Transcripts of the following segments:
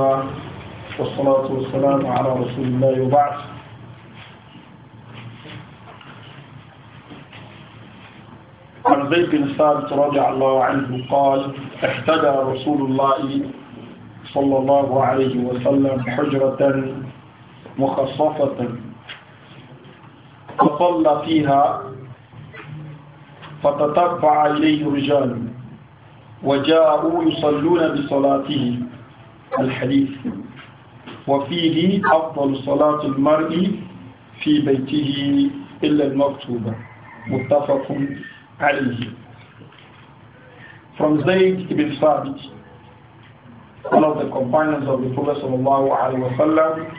الله والصلاة والسلام على رسول الله وبعد عن زيد بن ثابت رضي الله عنه قال احتدى رسول الله صلى الله عليه وسلم حجرة مخصصة فصلى فيها فتتبع إليه رجال وجاءوا يصلون بصلاتهم الحديث وفيه أفضل صلاة المرء في بيته إلا المكتوبة متفق عليه From Zayd ibn Thabit, one of the companions of the Prophet sallallahu alaihi wasallam,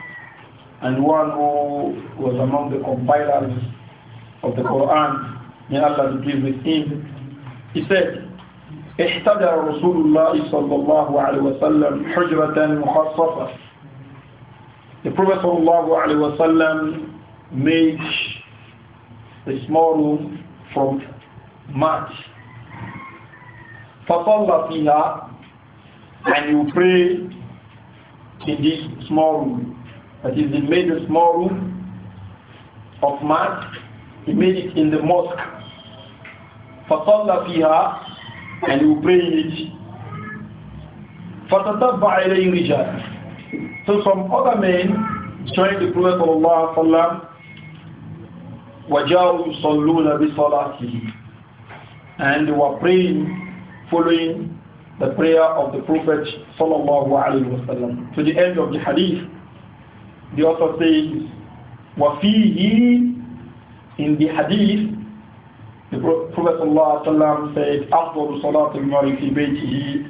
and one who was among the compilers of the Quran, may Allah be pleased with him, he said, احتجر رسول الله صلى الله عليه وسلم حجرة مخصصة The Prophet صلى الله عليه وسلم made a small room from mat فصلى فيها and you pray in this small room that is he made a small room of mat he made it in the mosque فصلى فيها and you pray in it. فَتَتَبَّعَ إِلَيْهِ رِجَالٍ So some other men joined the Prophet sallallahu Allah, wasallam وَجَاءُوا يُصَلُّونَ بِصَلَاتِهِ And they were praying following the prayer of the Prophet sallallahu alaihi wasallam. To the end of the hadith, the author says, وَفِيهِ In the hadith, Prophet ﷺ said, "After salat al-mari baytihi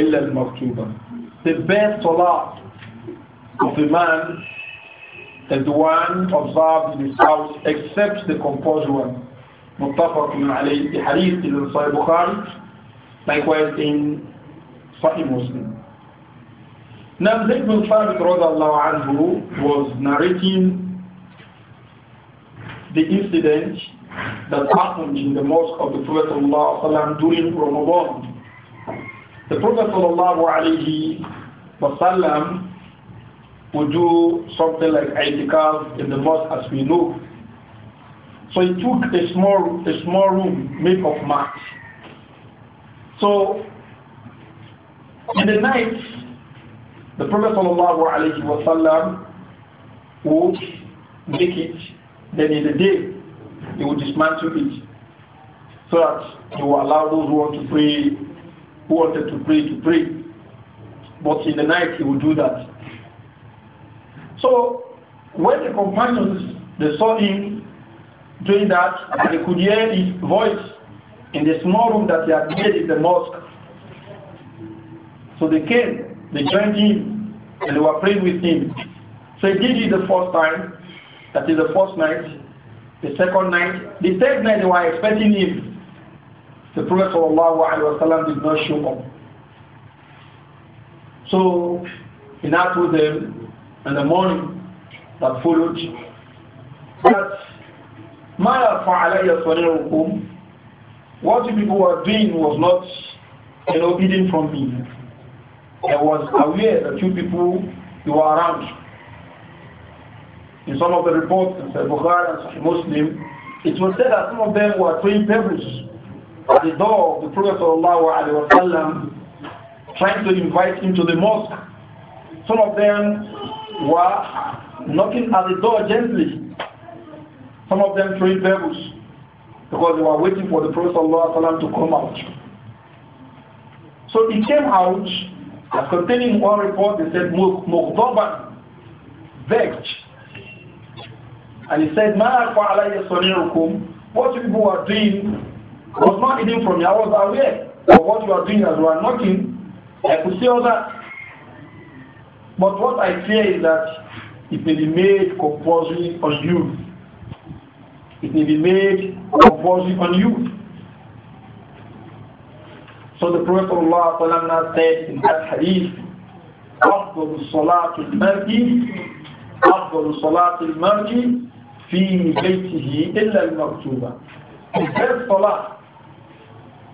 illa al-maktuba." The best salat of a man is the one observed in his house, except the compulsory one. متفق عليه the hadith in Sahih Bukhari, likewise in Sahih Muslim. Now Zayd bin Thabit anhu was narrating the incident that happened in the mosque of the Prophet ﷺ during Ramadan. The Prophet ﷺ would do something like itikaf in the mosque as we know. So he took a small, a small room made of mats. So in the night, the Prophet ﷺ would make it. Then in the day, he will dismantle it so that he will allow those who want to pray, who wanted to pray, to pray. But in the night, he will do that. So when the companions they saw him doing that, and they could hear his voice in the small room that he had made in the mosque. So they came, they joined him, and they were praying with him. So he did it the first time, that is the first night. The second night, the third night they were expecting him. The Prophet ﷺ did not show up. So he now told them in the morning that followed that Maya فَعَلَيَّ What the people were doing was not you know, hidden from me. I was aware that you people you were around in some of the reports in Bukhari and Muslim, it was said that some of them were throwing pebbles at the door of the Prophet wasallam, trying to invite him to the mosque. Some of them were knocking at the door gently. Some of them throwing pebbles because they were waiting for the Prophet wasallam to come out. So he came out, as containing one report, they said, Mughdaban, vexed, and he said, Ma What you people are doing was not hidden from me. I was aware of what you are doing as you are knocking. I could see all that. But what I fear is that it may be made compulsory on you. It may be made compulsory on you. So the Prophet Allah said in that hadith, أفضل صلاة المرء أفضل صلاة المرء في بيته إلا المكتوبة. Except Salah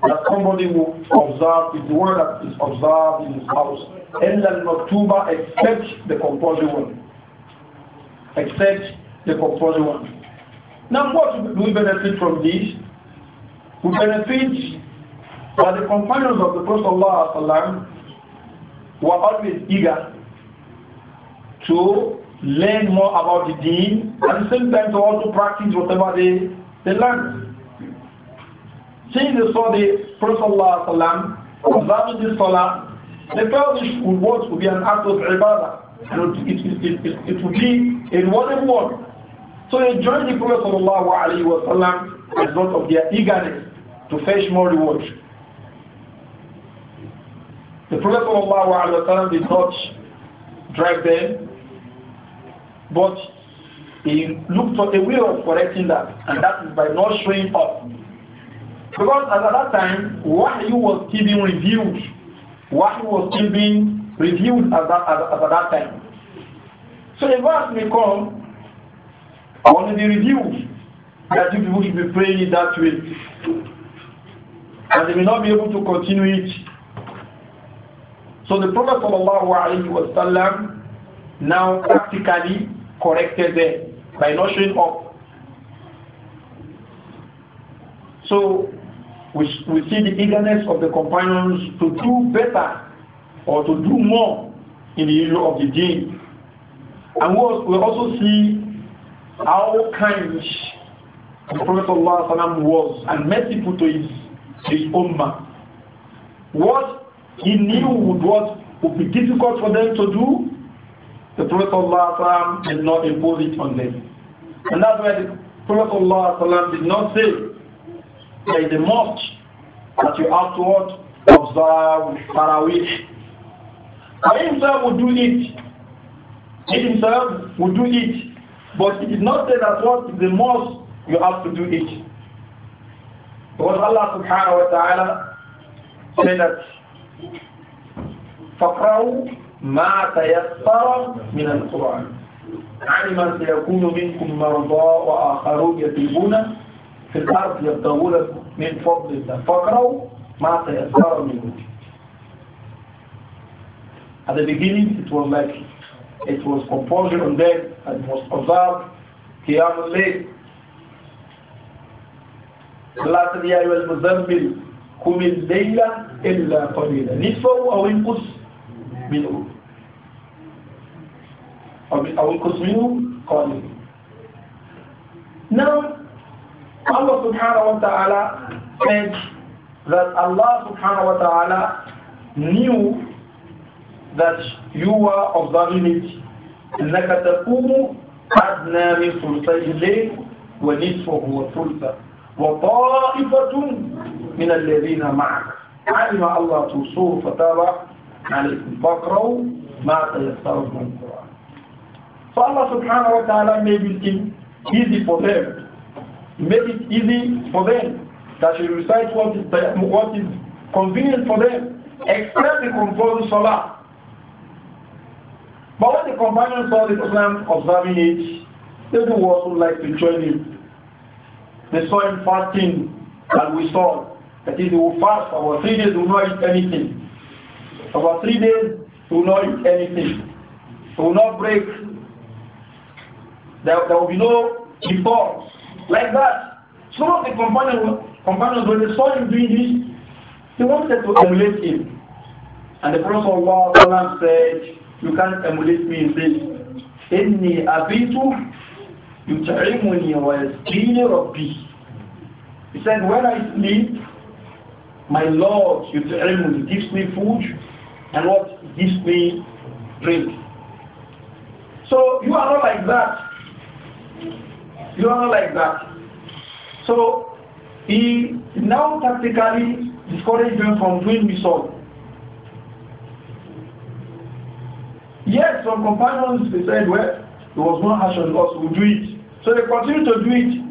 that somebody will observe is the one that is observed in his house. إلا المكتوبة except the compulsory one. Except the compulsory one. Now what do we benefit from this? We benefit that the companions of the Prophet Allah were always eager to learn more about the deen, at the same time to also practice whatever they, they learn. Since they saw the Prophet observing this salah, they felt this reward to be an act of ibadah. And it, it, it, it, it would be a rewarding work. So they joined the Prophet wasallam as result of their eagerness to fetch more reward. The Prophet wasallam did not drive them but he looked for a way of correcting that, and that is by not showing up. Because at that time, Wahyu was still being reviewed. Why was still being reviewed at that, at, at that time. So a verse may come, I want to be reviewed, that you people should be praying it that way. And they may not be able to continue it. So the Prophet ﷺ now practically corrected them by not showing up. So we, we see the eagerness of the companions to do better or to do more in the issue of the deen. And we also see how kind the Prophet ﷺ was and merciful to his, his ummah. What he knew would what would be difficult for them to do, the Prophet ﷺ did not impose it on them. And that's why the Prophet ﷺ did not say there is a mosque that you have to observe Tarawih. He himself would do it. He himself would do it. But he did not say that what is the mosque you have to do it. Because Allah subhanahu wa ta'ala said that فَقْرَأُوا ما تيسر من القرآن علم يعني سيكون منكم مرضى وآخرون يتيبون في الأرض يبتغون من فضل الله فاقرأوا ما تيسر منه At the beginning it was like it was compulsion on them and was observed قيام الليل لا تدعي المزمل قم الليل إلا قليلا نصفه أو انقص منه أو القسم منه قادم Now, Allah سبحانه وتعالى said that Allah سبحانه وتعالى knew that you were the village إنك تقوم أدنى من ثلثي الليل ونصفه وثلثه وطائفة من الذين معك علم الله تصور فتابع مَا تَيَسَّرُ مِنَ الْقُرْآنِ So Allah subhanahu wa ta'ala made it easy for them. made it easy for them that they recite what is, what is convenient for them, except the composed salah. But when the companions saw the Islam observing it, they who also like to join him. They saw him fasting, and we saw that he will fast for three days, will not eat anything. About three days, will not eat anything. He will not break. There, there will be no default. Like that. Some of the companions, companions when they saw him doing this, they wanted to emulate him. And the Prophet of Allah said, You can't emulate me in this. إني أبيت يطعمني ويسقيني ربي. He said, When I sleep, my Lord يطعمني, gives me food, and what gives me drink. So you are not like that. You are not like that. So he now tactically discouraged them from doing all. Yes, some companions they said, well, there was no harsh on us, we'll do it. So they continued to do it.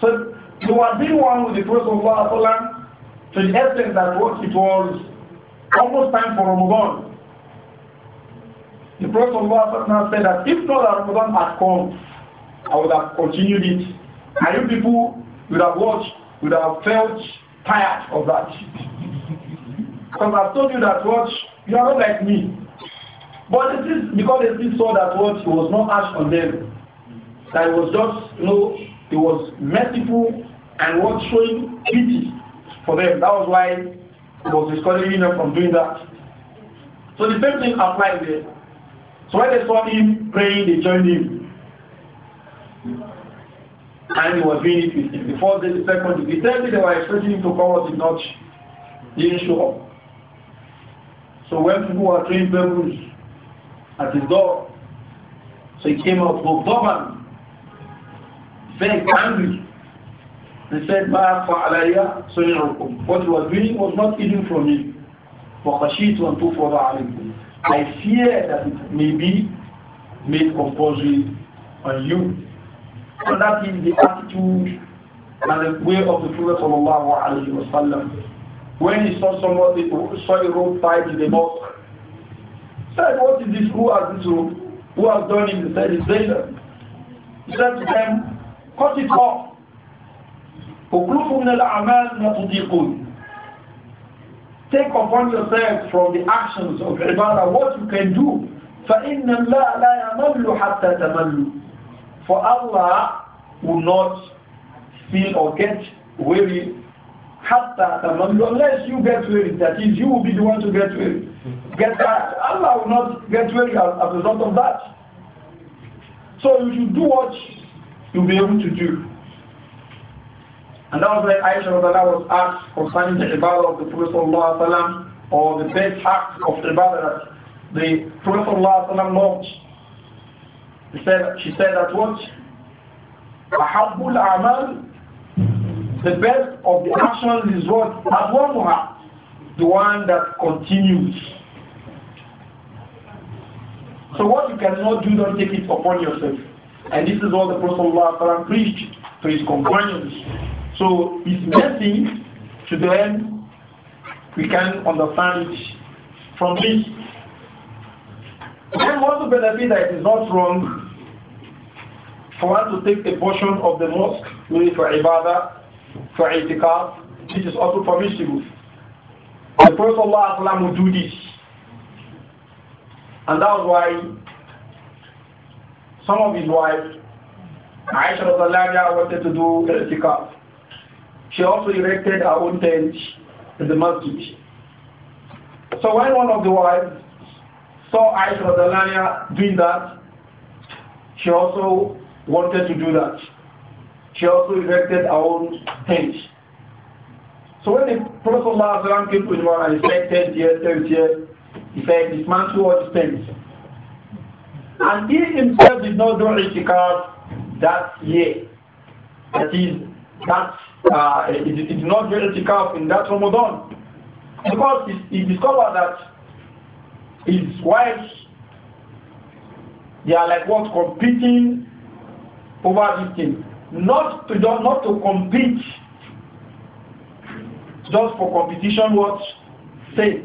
So they were being one with the Prophet of Allah to the extent that what it was almost time for Ramadan. The Prophet Allah said that if not Ramadan had come, I would have continued it. And you people would have watched, would have felt tired of that. because I've told you that watch, you are not like me. But it is because they still saw that It was not ash on them. That it was just, you know, it was merciful and was showing pity for them. That was why was discouraging them from doing that. So the same thing applied there. So when they saw him praying, they joined him. And he was doing it with him. The first day, the second day, the third day they were expecting him to come out did not didn't show up. So when people were throwing pebbles at his door, so he came out, looked up and very angry. They said, Ma fa'alaya suni'ukum. What you are doing was not hidden from me. وَخَشِيتُ أَن تُفْرَضَ عَلَيْكُمْ I fear that it may be made compulsory on you. And that is the attitude and the way of the Prophet sallallahu alayhi wa sallam. When he saw somebody saw a rope tied in the mosque, said, What is this? Who has this rope? Who has done it? He said, It's He said to them, Cut it off. وَكُلُّ مِنَ الْأَعْمَالِ مَا Take upon yourself from the actions of ibadah what you can do. فَإِنَّ اللَّهَ لَا يَمَلُّ حَتَّى تَمَلُّ For Allah will not feel or get weary حَتَّى تَمَلُّ Unless you get weary, that is, you will be the one to get weary. Get that. Allah will not get weary as a result of that. So you should do what you'll be able to do. And that was when Aisha was asked concerning the ibadah of the Prophet ﷺ or the best act of ibadah that the Prophet ﷺ loved. He said, she said that what? Amal, the best of the actions is what? Adwamuha, the one that continues. So what you cannot do, don't take it upon yourself. And this is what the Prophet ﷺ preached to his companions. So it's mercy to them, we can understand from this. Then also to benefit that it is not wrong for one to take a portion of the mosque, maybe for ibadah, for itikaf, this is also permissible. The Prophet Allah will do this. And that's why some of his wives, Aisha wanted to do itikaf. She also erected her own tent in the masjid. So when one of the wives saw Aisha Dalania doing that, she also wanted to do that. She also erected her own tent. So when the Prophet came to Imran and said, tent here, tent here, he said, dismantle all the tents. And he himself did not do itikaf that year. That is, that uh, he, he did not do itikaf in that Ramadan because he, he discovered that his wives they are like what competing over this thing not to just not to compete just for competition what say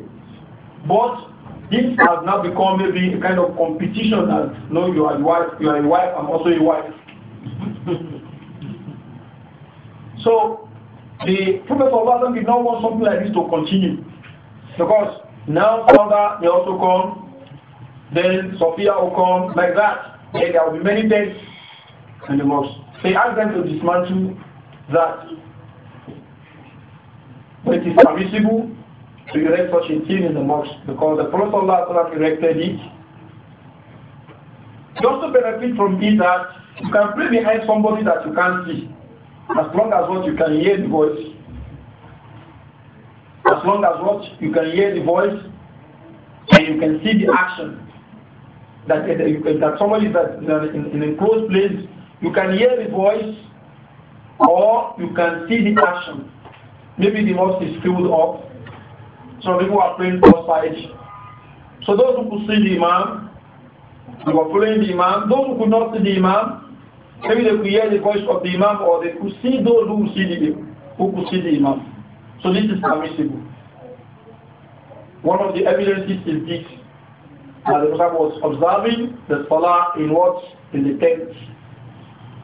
but this has now become maybe a kind of competition that no you are a wife you are a wife i'm also a wife So the Prophet of Allah did not want something like this to continue. Because now father may also come, then Sophia will come, like that. Then there will be many things in the mosque. They ask them to dismantle that. But it is permissible to erect such a thing in the mosque because the Prophet Allah erected it. You also benefit from it that you can pray behind somebody that you can't see. As long as what you can hear the voice, as long as what you can hear the voice and you can see the action, that, that, that somebody that in, in a close place, you can hear the voice or you can see the action. Maybe the mosque is filled up. Some people are praying outside. So those who could see the imam, who were following the imam. Those who could not see the imam, Maybe they could hear the voice of the Imam or they could see those who see the, who could see the Imam. So this is permissible. One of the evidences is this. That the Prophet was observing the Salah in what? In the tent.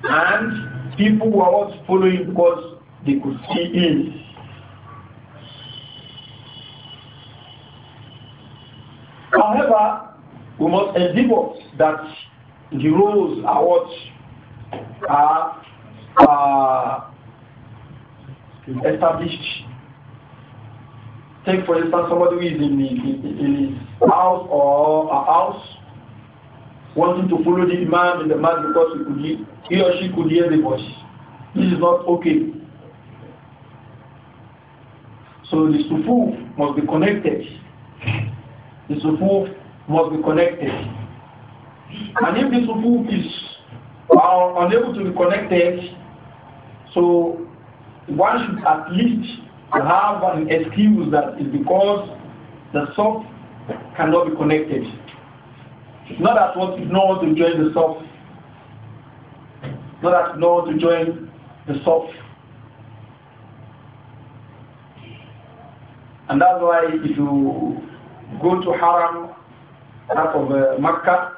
And people were not Following because they could see him. However, we must endeavor that the rules are what are uh, uh, established. Take for instance somebody who is in, in, in his house or a house wanting to follow the imam in the mass because he, could hear, he or she could hear the voice. This is not okay. So the sufu must be connected. The sufu must be connected. And if the sufu is are unable to be connected, so one should at least have an excuse that is because the soft cannot be connected. It's not that what is not to join the soft. not that no to join the soft. And that's why if you go to Haram, out of uh, Makkah,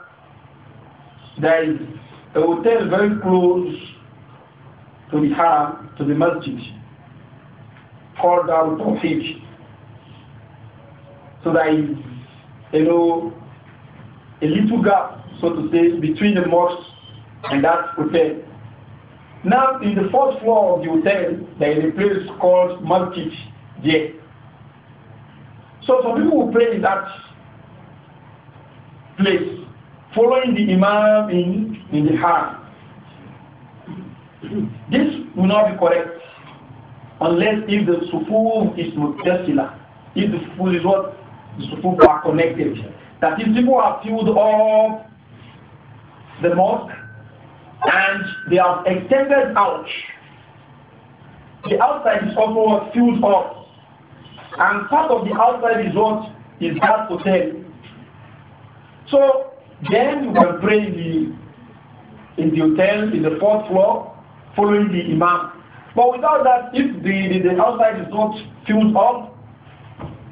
there is a hotel very close to the Haram, to the Masjid, called Al Tawheed. So there is, you know, a little gap, so to say, between the mosque and that hotel. Now, in the fourth floor of the hotel, there is a place called Masjid there. So some people who pray in that place following the Imam in, in the heart. This will not be correct unless if the Sufu is mutasila, if the Sufu is what the Sufu are connected. if people have filled up the mosque and they have extended out. The outside is also filled up, and part of the outside is what is that hotel then we were praying the, in the hotel, in the fourth floor, following the imam. But without that, if the, the, the outside is not filled up,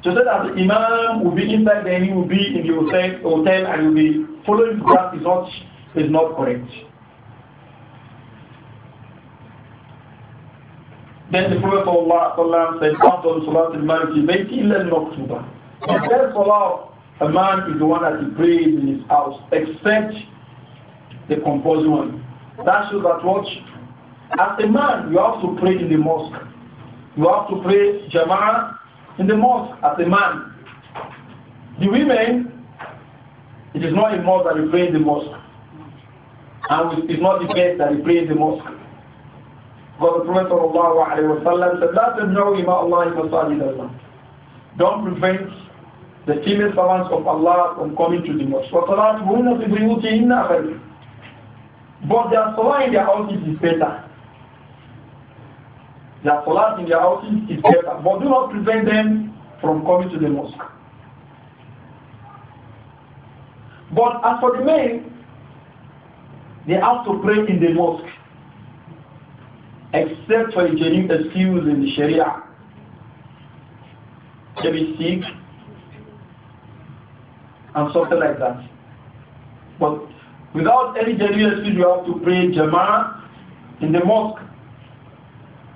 so that the imam will be inside, then he will be in the hotel, hotel and will be following that is not, is not correct. Then the Prophet of Allah said, "After of the marji bayti illa al-maktuba." The salah a man is the one that he prays in his house, except the composed one. That shows that what? As a man, you have to pray in the mosque. You have to pray jama'ah in the mosque as a man. The women, it is not a mosque that you pray in the mosque. And it's not the case that you pray in the mosque. Because the Prophet said, لا تمنعوا إماء الله مساجد الله. Don't prevent the female servants of Allah from coming to the mosque. But their salah in their houses is better. Their salah in their houses is better. But do not prevent them from coming to the mosque. But as for the men, they have to pray in the mosque. Except for a genuine excuse in the Sharia. They be sick, and something like that. But without any genuine excuse, you have to pray Jama'ah in the mosque.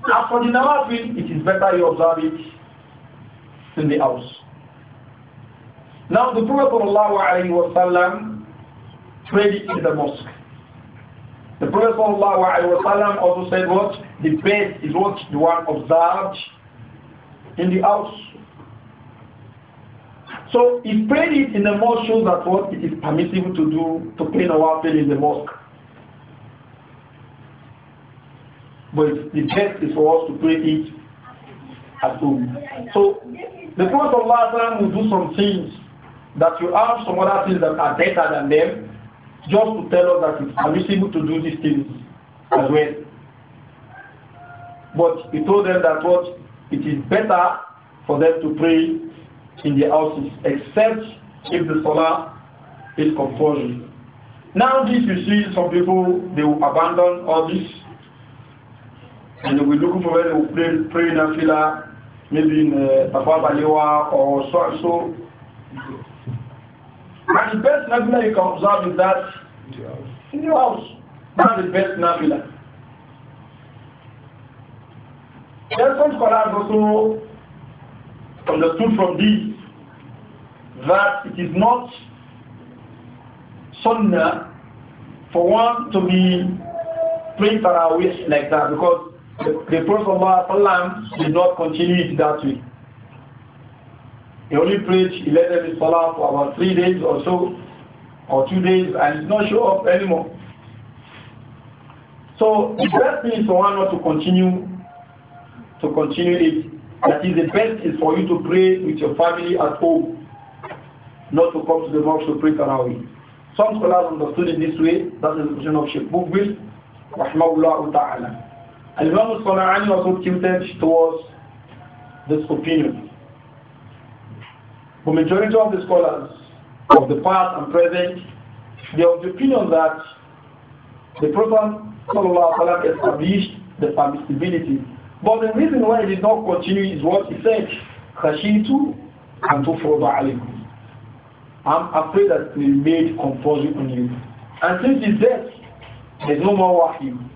As for the Nawafil, it is better you observe it in the house. Now the Prophet ﷺ prayed in the mosque. The Prophet ﷺ also said what? The best is what the one observed in the house. So if praying it in the mosque shows that what it is permissible to do to pray Nawafil in the mosque. But the best is for us to pray it at home. So the Prophet of Allah will do some things that you have some other things that are better than them just to tell us that it's permissible to do these things as well. But he told them that what it is better for them to pray in the houses, except if the solar is compulsory. Now this you see some people they will abandon all this and they will look for where they will pray pray in Afila, maybe in Afabalewa uh, or so and so. And the best nafila you can observe is that in your house. not the best nafila. There are some scholars also understood from this that it is not sunnah for one to be praying for our Taraweeh like that because the, the Prophet did not continue it that way. He only preached, he led every Salah for about three days or so, or two days, and did not show up anymore. So the best thing is for one not to continue to continue it. That is the best is for you to pray with your family at home not to come to the mosque to pray Tarawih. Some scholars understood it this way. That is the position of Sheikh Bukbil, rahmahullah ta'ala. Al-Imam al-Sana'ani also tilted towards this opinion. The majority of the scholars of the past and present, they are of the opinion that the Prophet ﷺ established the permissibility. But the reason why he did not continue is what he said, خَشِيتُ and تُفْرَضَ عَلَيْكُمْ I'm afraid that we made compulsory on you. And since his death, there's no more him.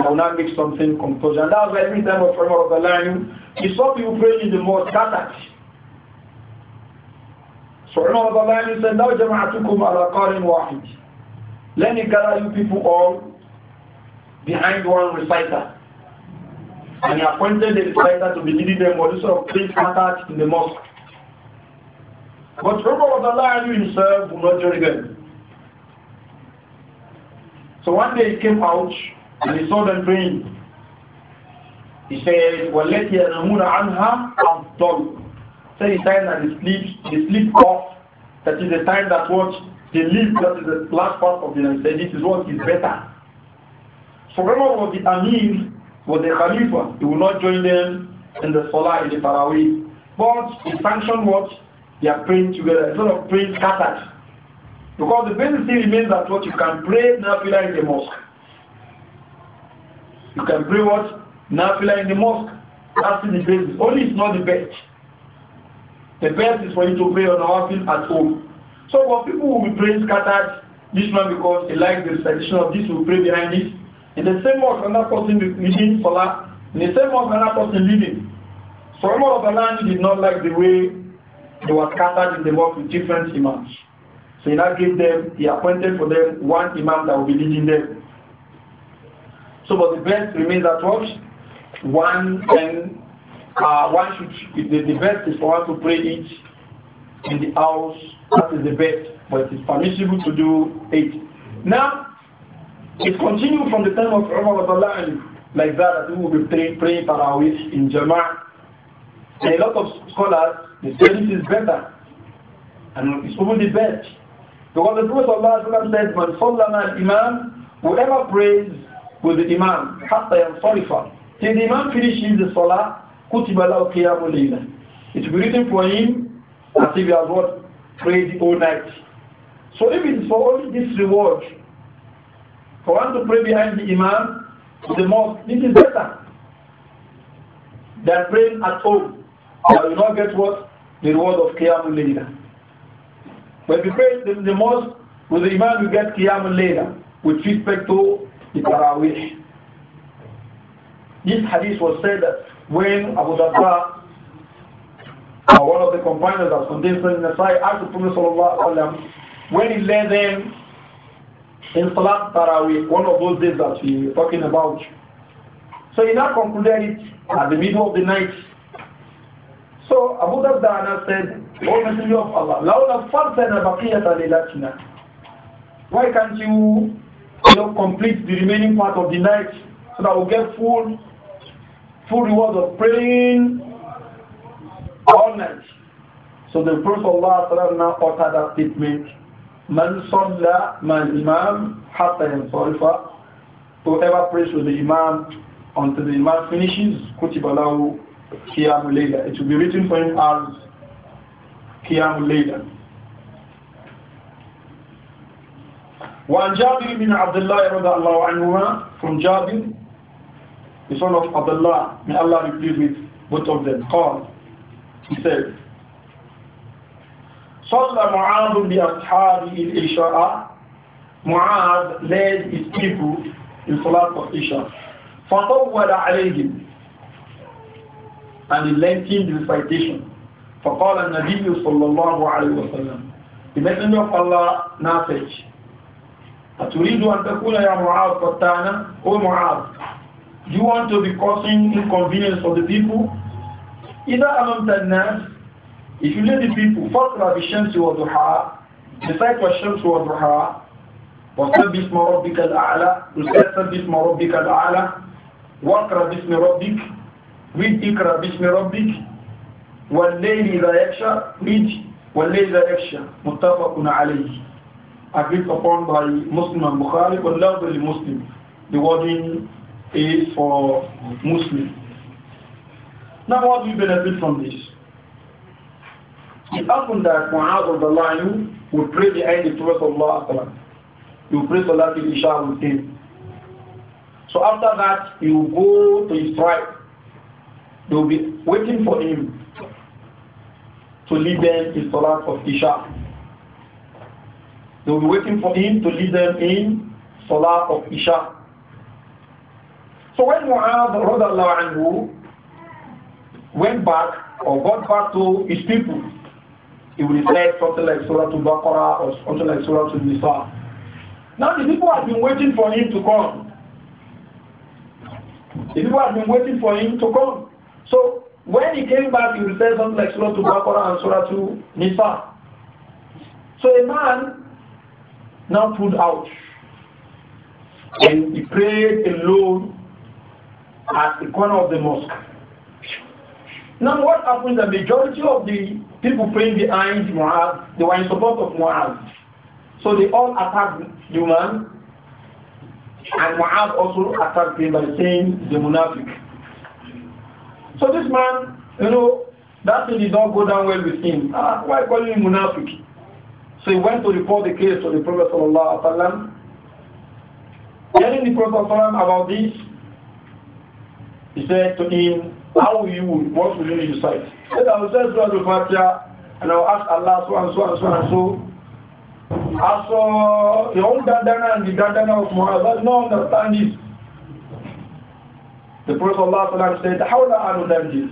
I will not make something compulsory. And that was every time of prayer of Alayhi, he saw people praying in the mosque, that So prayer of Alayhi said, Now jama'atukum ala qarin wahid. Let me gather you people all behind one reciter. And he appointed the reciter to be leading them, or of three scattered in the mosque. But Umar Abdullah himself will not join them. So one day he came out and he saw them praying. He said, وَالَّتِي يَنَمُونَ have done." So the time that he sleeps. He sleep off, that is the time that what they live, that is the last part of the night. Said, this is what is better. So Umar was the Amir, was the Khalifa. He will not join them in the Salah, in the Tarawih. But he sanctioned what? They are praying together instead of praying scattered. Because the basis still remains that what you can pray Nafila in the mosque. You can pray what? Nafila in the mosque. That's the basis. Only it's not the best. The best is for you to pray on our field at home. So for people who will be praying scattered, this one because they like the tradition of this will pray behind this. In the same mosque another person leading Salah, in the same mosque another person leading. So lot of Allah did not like the way they were scattered in the world with different imams. So he now gave them, he appointed for them one imam that will be leading them. So but the best remains at once. One and uh, one should the, the best is for one to pray each in the house. That is the best, but it is permissible to do it. Now it continued from the time of Umar like that that we will be praying pray Tarawih in Jama'ah and a lot of scholars, they say this is better. And it's even the best. Because the Prophet of Allah said, "When sallama al-imam, whoever prays with the imam, hatta yansarifa. Till the imam finishes the salah, kutiba lahu qiyamul It will be written for him as if he has what? Prayed all night. So if it is for only this reward, for one to pray behind the imam, to the mosque, this is better than praying at home. I will not get what? The reward of Qiyamul Layla. But the, you pray in the mosque with the Imam, you get Qiyamul Layla with respect to the Taraweeh. This hadith was said when Abu Darda, uh, one of the companions that contains in the Nasai, asked the Prophet when he led them in Salat Taraweeh, one of those days that we were talking about. So he now concluded it at the middle of the night so Abu Darda said, O Messenger of Allah, لَوْلَا فَرْتَنَا بَقِيَةَ لَيْلَتِنَا Why can't you, you know, complete the remaining part of the night so that we get full, full reward of praying all night? So the Prophet Allah now uttered that statement, مَنْ صَلَّى مَنْ إِمَامْ حَتَّى يَنْصَرِفَ Whoever prays with the Imam until the Imam finishes, كُتِبَ لَهُ Qiyamul Layla. It will be written for him as Qiyamul Layla. وعن جابر بن عبد الله رضي الله عنهما from Jabir the son of Abdullah may Allah be pleased with both of them قال he said صلى معاذ بأصحابه العشاء معاذ led his people in Salat of فطول عليهم and the lengthy recitation. فقال النبي صلى الله عليه وسلم The Messenger of Allah now said, أتريد أن تكون يا معاذ قتانا أو معاذ Do you want to be causing inconvenience for the people? إذا أممت الناس If you lead the people, فاطلع بالشمس وضحاها Recite والشمس وضحاها وسبح اسم ربك الأعلى Recite اسم ربك الأعلى واقرأ باسم ربك read Ikra Bismi Rabbik والليل إذا يكشى read والليل إذا يكشى متفق عليه agreed upon by Muslim and Bukhari but love Muslim the wording is for Muslim now what do you benefit from this it happened that Mu'adh of the lion would pray behind the Prophet of Allah he would pray Salat al-Isha with him so after that he would go to his tribe they will be waiting for him to lead them in Salat of Isha. They will be waiting for him to lead them in Salat of Isha. So when Mu'adh anhu went back or got back to his people, he would recite something like Surah Al-Baqarah or something like Surah Al-Nisa. Now the people have been waiting for him to come. The people have been waiting for him to come. So when he came back, he would say something like Surah to Baqarah and Surah to Nisa. So a man now pulled out and he prayed alone at the corner of the mosque. Now what happened? The majority of the people praying behind Muaz, they were in support of Muaz. So they all attacked the man, and Muaz also attacked him by saying the munafiq. So this man, you know, that thing did not go down well with him. Ah, why calling him Munafiq? So he went to report the case to the Prophet Sallallahu Alaihi Wasallam. Telling the Prophet Sallam about this, he said to him, how will you, what will you decide? He said, I will send Surah Al-Fatiha and I will ask Allah so and so and so and so. As for the old Dandana and the Dandana of Muhammad, I don't understand this. The Prophet Allah said, How la this?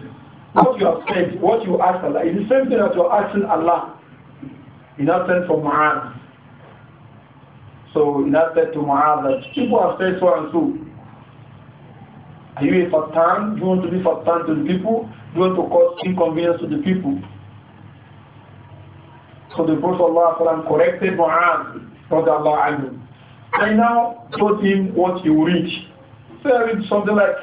What you have said, what you asked Allah, is the same thing that you're asking Allah. In that sense from Mu'adh. So in that sense to Mu'adh that people have said so and so. Are you a fatan? Do you want to be fatan to the people? Do you want to cause inconvenience to the people? So the Prophet Allah corrected Mu'adh and now told him what he will reach. So he read something like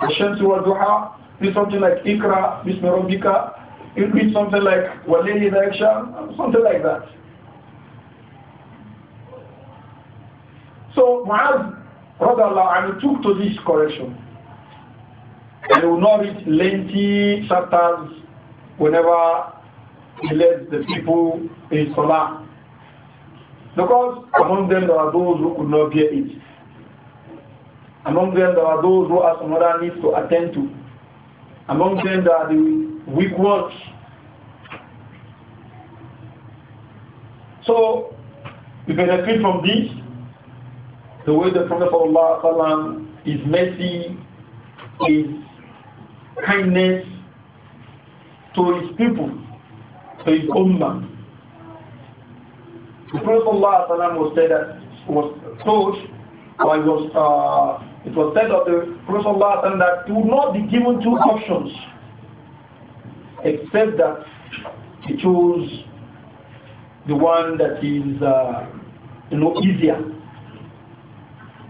the wa duha, read something like Ikra, Bismi Rabbika, you read something like Walili Daksha, something like that. So Muaz, Allah, and took to this correction. And he will not read lengthy chapters whenever he led the people in Salah. Because among them there are those who could not bear it. Among them, there are those who have some other needs to attend to. Among them, there are the weak ones. So, we benefit from this. The way the Prophet Allah, is mercy, is kindness to his people, to his ummah. The Prophet Allah, was, said that, was told, or was uh, it was said of the Prophet that he would not be given two options except that he chose the one that is uh, you know, easier.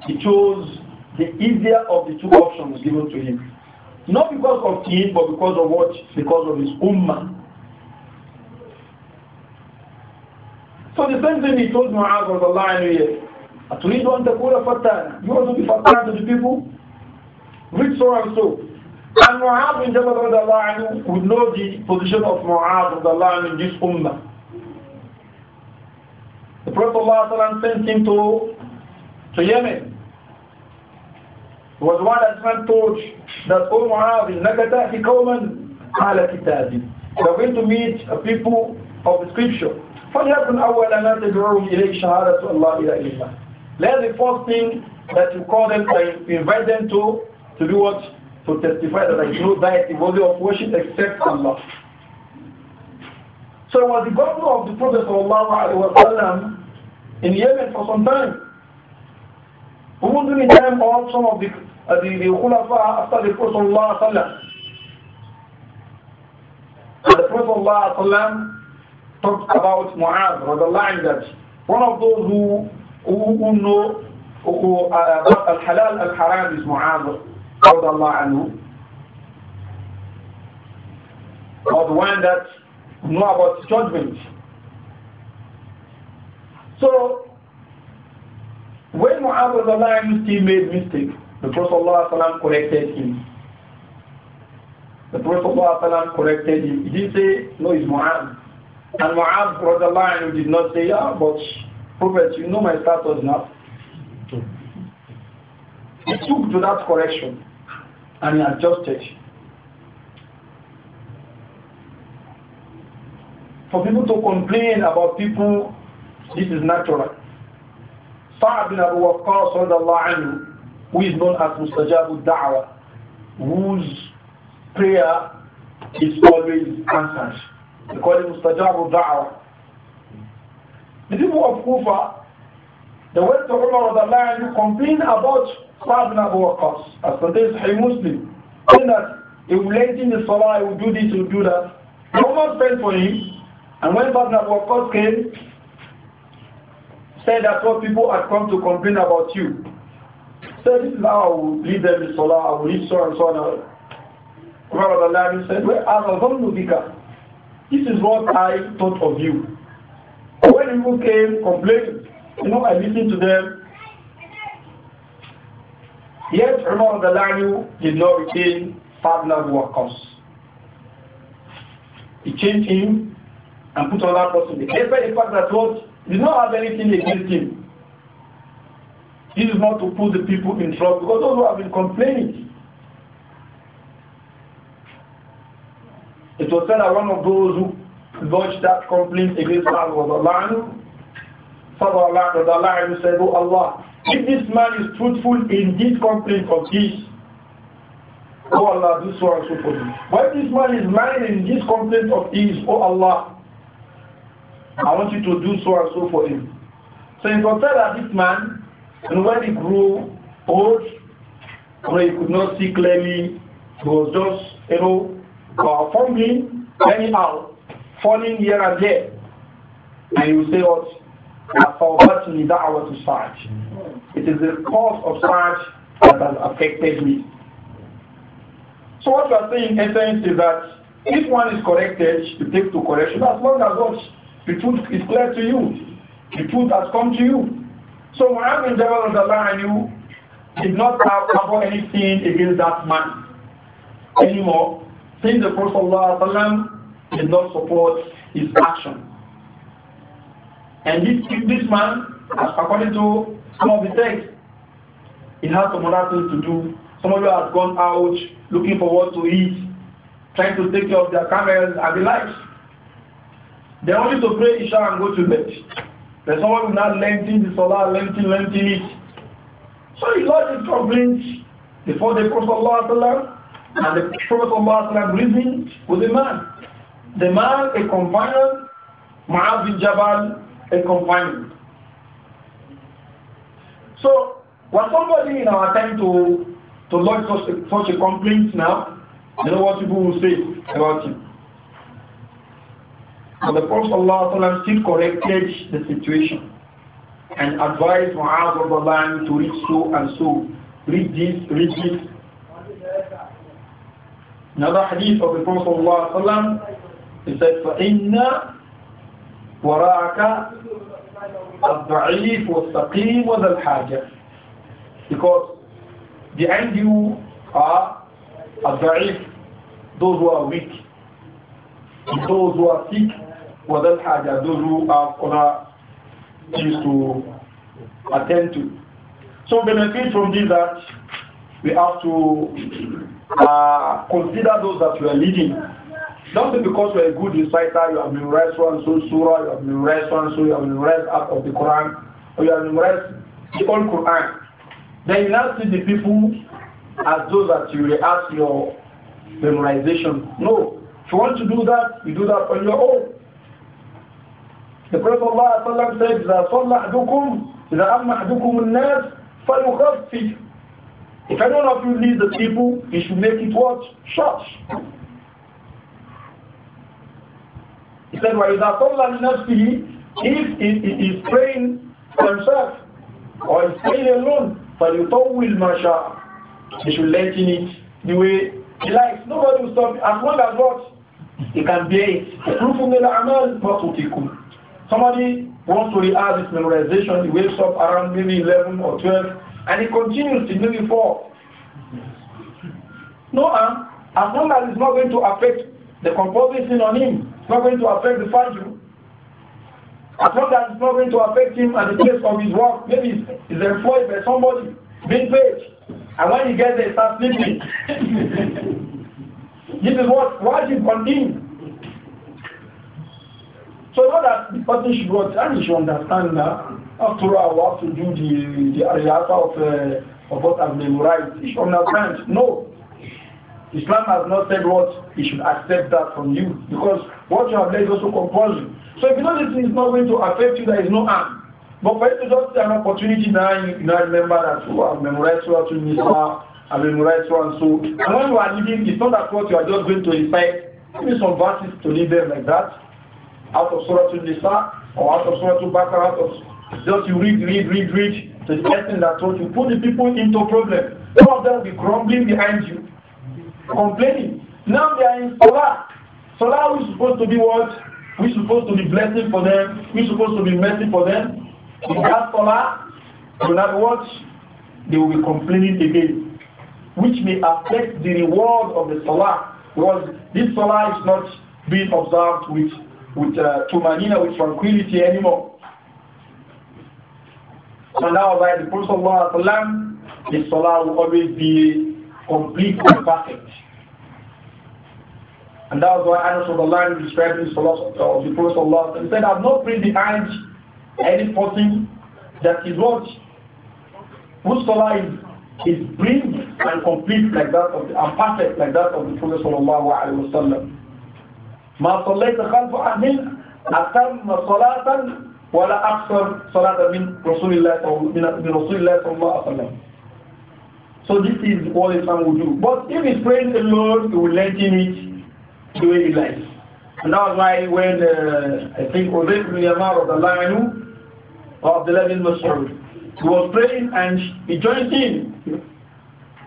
He chose the easier of the two options given to him. Not because of him, but because of what? Because of his ummah. So the same thing he told Mu'adh was Allah anyway. أتريد أن تقول فتانا You want to be fatana to the people? Read so and so. And Mu'adh bin Jabal radiallahu anhu would know the position of Mu'adh radiallahu anhu in this ummah. The Prophet ﷺ sent him to, to Yemen. was one that went told that, in oh, Mu'adh, He تَأْتِي and أَهْلَ كِتَابٍ You are going to meet a people of the scripture. فَلْيَكُنْ أَوَّلَ مَا تَدْعُوهُمْ إِلَيْهِ شَهَادَةُ اللَّهِ إِلَى إِلَّهِ let the first thing that you call them, that invite them to, to do what? To testify that there is no deity worthy of worship except Allah. So it was the governor of the Prophet وسلم, in Yemen for some time. Even during the time of some of the uh, the, the Khulafa after the Prophet وسلم. The Prophet talked about Mu'adh, one of those who who, who know who, uh, about al-halal al-haram is Mu'adh anhu or the one that know about judgment. So when Mu'adh anhu still made mistake, the Prophet ﷺ corrected him. The Prophet ﷺ corrected him. He didn't say, no, it's Mu'adh. And Mu'adh did not say, yeah, but Prophet, you know my status now. He took to that correction and he adjusted. For people to complain about people, this is natural. Sa'ad bin Abu Waqqas, who is known as al Da'wah, whose prayer is always answered. We call him Mustajabu Da'wah. The people of Kufa, the went to Umar and complained about Sa'd ibn Abu Waqqas, as the day Sahih Muslim, saying that he will late in the Salah, he will do this, he will do that. The Umar prayed for him, and when Sa'd Abu Waqqas came, said that what people had come to complain about you. Said, this is how I will lead them in Salah, I will lead so and so and Umar said, well, as a This is what I thought of you when people came complaining, you know, I listened to them. Yet Umar Dalani did not retain Fadlan workers. He changed him and put another person there. Despite the fact that what did not have anything against him. This is not to put the people in trouble because those who have been complaining. It was said that one of those who lodged that complaint against Allah was Allah. Sallallahu you said, Oh Allah, if this man is truthful in this complaint of his, Oh Allah, this one so for me. if this man is lying in this complaint of his, Oh Allah, I want you to do so and so for him. So he tell that this man, and when he grew old, when he could not see clearly, he was just, you know, uh, fumbling anyhow falling here and there. And you say what? فَوْبَتْنِي دَعْوَةُ to search." is the cause of search that has affected me. So what you are saying in essence is that if one is corrected, you take to correction as long as what the truth is clear to you. The truth has come to you. So Muhammad bin Jabal and you did not have cover anything against that man anymore. Since the Prophet did not support his action. And this, this man, according to some of the texts, he has some other things to do. Some of you have gone out looking for what to eat, trying to take care of their camels and the likes. They want you to pray Isha and go to bed. There's someone who not lengthen the salah, lengthen, lengthen it. So he lodged his complaints before the Prophet Allah and the Prophet Allah reasoned with the man the man a companion, Ma'ad bin Jabal a companion. So, when somebody in our time to, to lodge such a, such a complaint now, you know what people will say about him. And the Prophet Allah still corrected the situation and advised Mu'adh of to read so and so. Read this, read this. Another hadith of the Prophet Allah he said, فَإِنَّ وَرَاءَكَ الضَّعِيفُ وَالسَّقِيمُ وَذَا Because behind you are الضعيف, those who are weak, those who are sick, وَذَا الْحَاجَةِ, those who have other things to attend to. So benefit from this that we have to uh, consider those that we are leading not because you're a good reciter, you have memorized one so surah, you have memorized one so you have memorized out of the Quran, or you have memorized the whole Quran. Then you now see the people as those that you ask your memorization. No. If you want to do that, you do that on your own. The Prophet ﷺ said, إِذَا صَلَّحْدُكُمْ إِذَا أَمَّحْدُكُمُ النَّاسِ فَلْيُخَفِّ If anyone of you leads the people, he should make it what? Short. He said, وَإِذَا صَلَّى لِنَفْسِهِ If he is praying for himself or is praying alone, but you don't will شَاءَ He should lengthen it the way he likes. Nobody will stop As long as what? He can bear it. Somebody wants to rehearse his memorization. He wakes up around maybe 11 or 12 and he continues till maybe 4. No, uh, as long as it's not going to affect the composition on him, it's not going to affect the Fajr. As long as it's not going to affect him at the place of his work, maybe he's employed by somebody, being paid. And when he gets there, he starts sleeping. this is what wajib on him. So now that the person should go and should understand that after all, I have to do the, the of, uh, of what I've memorized. from should understand. No. Islam has not said what he should accept that from you because what you have done is also compulsory. So if you know this thing is not going to affect you, there is no harm. But for you to just an opportunity now, you, you now remember that you oh, have memorized what you need I memorized one, so. And when you are leaving, it's not that what you are just going to recite. me some verses to leave them like that, out of Surah to Nisa or out of Surah to Baqarah, out of just you read, read, read, read. So the person that what you put the people into problem. Some of them will be grumbling behind you complaining. Now they are in Salah. Salah is supposed to be what? We're supposed to be blessing for them. We're supposed to be mercy for them. that Salah, do not watch. They will be complaining again, which may affect the reward of the Salah. Because this Salah is not being observed with, with uh, tumanina, with tranquility anymore. So now, by the Prophet, his Salah will always be complete and perfect. And that was why Anas of Allah described this philosophy of the Prophet of Allah. He said, I've not been behind any person that is what whose salah is, is brief and complete like that of the, and perfect like that of the Prophet Sallallahu Alaihi Wasallam. ما صليت خلف أهل أتم صلاة ولا أكثر صلاة من رسول الله من رسول الله صلى الله عليه وسلم so this is what Islam will do. But if he's praying alone, he will let him eat the way he likes. And that's why when uh, I think Uzayd the Yamar of the Lion of the Living Masrur, he was praying and he joined in.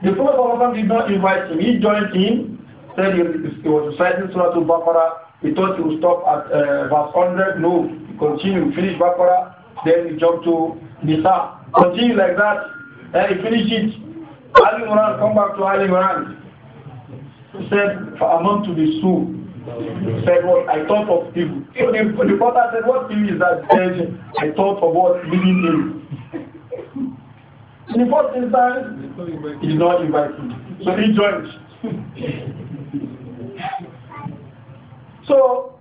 The Prophet did not invite him. He joined him, said he, he was reciting Surah Al-Baqarah. He thought he would stop at uh, verse 100. No, he continued, finished Baqarah, then he jumped to Nisa. Continue like that, and he finished it. Ali Imran, come back to Ali Imran. He said, for month to be He Said what I thought of evil. So the, the father said, What evil is that? Said, I thought of what living evil. In the first instance, he's not invited. So he joined. so,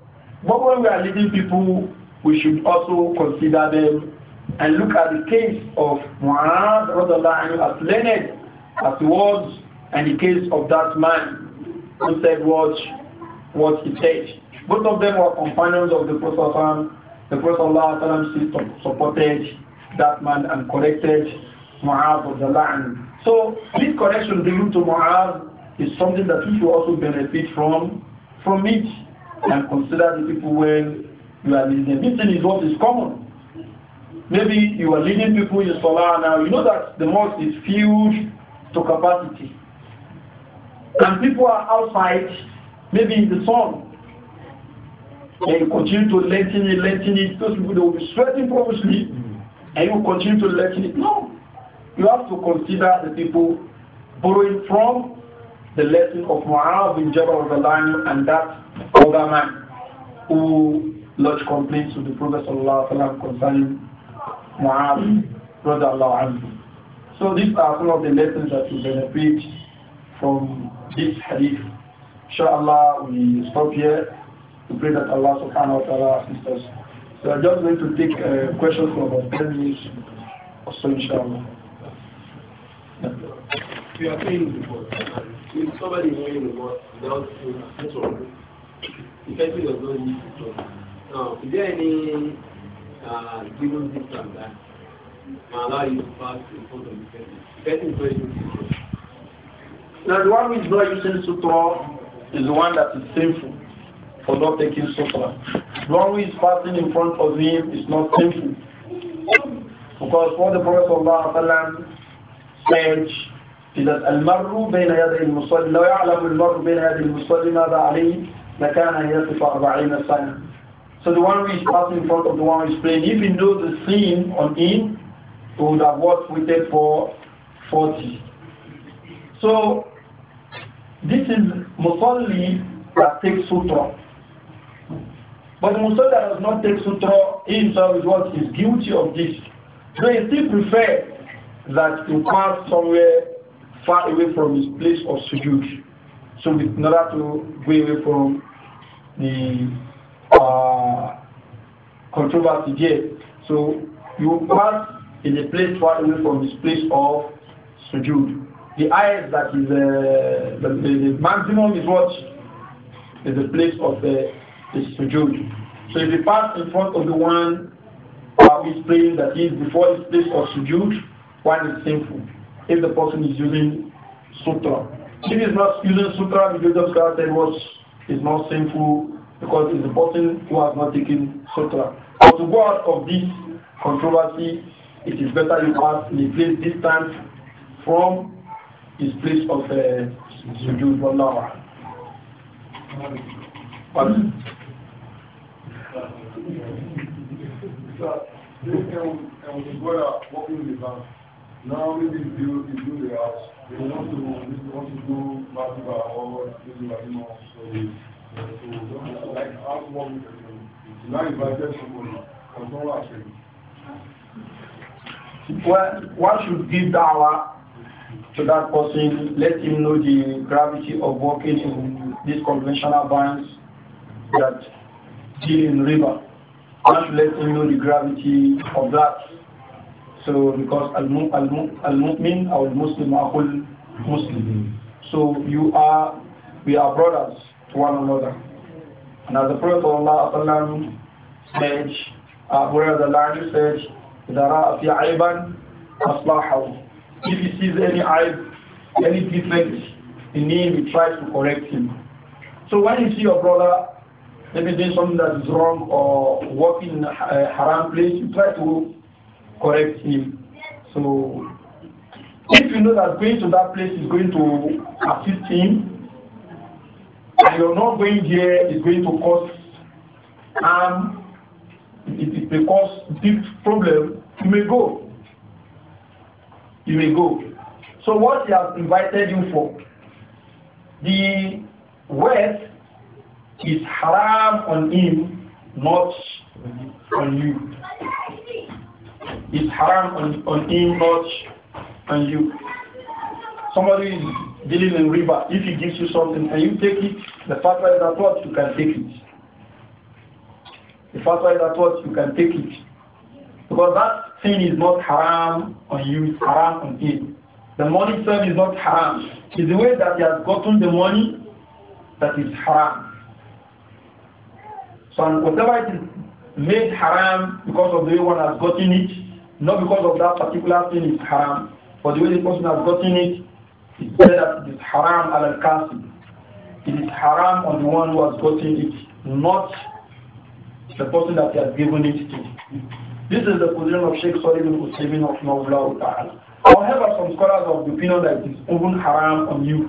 but when we are leading people, we should also consider them and look at the case of Mu'adh as learned as words and the case of that man who said what, what he said. Both of them were companions of the Prophet. The Prophet supported that man and corrected Mu'adh of the land. So this correction given to Mu'adh is something that we should also benefit from, from it and consider the people when you are leading. Listening is what is common. Maybe you are leading people in Salah now. You know that the mosque is filled to capacity. And people are outside, maybe in the sun, and you continue to lengthen it, lengthen it. Those people they will be sweating profusely, mm. and you continue to lengthen it. No, you have to consider the people borrowing from the lesson of Mu'awiyah bin Jabal al-Balani and that other man who lodged complaints to the Prophet sallallahu alaihi wasallam concerning Mu'awiyah, brother Allah anhu. So these are some of the lessons that we benefit from this hadith. Inshallah, we stop here to pray that Allah subhanahu wa ta'ala assists us. So I'm just going to take a question from our 10 minutes or so, We are praying before. board. If somebody is paying the board without paying trouble, the person does not need to trouble. Now, is there any uh, given this that? That allow you to one who is not using sutra is the one that is sinful for not taking sutra. The one who is passing in front of him is not sinful. Because what the Prophet ﷺ said is that المر بين يدي المصلي لو يعلم المر بين يدي المصلي ماذا عليه لكان يصف أربعين سنة. So the one who is passing in front of the one who is praying, if he knows the sin on him, would have what waited for 40. So this is Musalli that takes sutra. But Musalli that does not take sutra himself is what is guilty of this. So he still prefer that to pass somewhere far away from his place of sujud, So in order to go away from the uh, controversy here. So you pass in a place far away from his place of sujood. The highest that is uh, the, the, the, maximum is what is the place of the, uh, the sujood. So if he pass in front of the one uh, who is praying is before his place of sujood, one is sinful. If the person is using sutra, if he is not using sutra, the Jesus Christ said was is not sinful because it's the person who has not taken sutra. But to go out of this controversy it is better you pass in a place distant from his place of uh, sujood wallahu we the build, the house. We want to, want to do massive or do like So, so like house walking. Now invite somebody, and someone actually one, one should give da'wah to that person, let him know the gravity of working in these conventional banks that deal in river. One should let him know the gravity of that. So because al-mu'min or al-muslim akul muslim. So you are, we are brothers to one another. And as the Prophet of Allah said, uh, where the larger said, إذا رأى في عيبا أصلحه if he sees any eye, any defect in him he tries to correct him so when you see your brother maybe doing something that is wrong or walking in a eh, haram place you try to correct him so if you know that going to that place is going to assist him and you're not going it's going to cause harm it may cause deep problem, you may go. You may go. So what he has invited you for, the wealth is haram on him, not on you. It's haram on, on him, not on you. Somebody is dealing in river. If he gives you something and you take it, the fact is that what you can take it. The fatwa is that was you can take it. Because that thing is not haram on you, it's haram on him. The money itself is not haram. It's the way that he has gotten the money that is haram. So whatever it is made haram because of the way one has gotten it, not because of that particular thing is haram, but the way the person has gotten it, it said that it is haram al It is haram on the one who has gotten it, not the person that he has given it to. This is the position of Sheikh Salih bin Husaymin of Mawla Ta'ala. However, some scholars of the opinion that it is even haram on you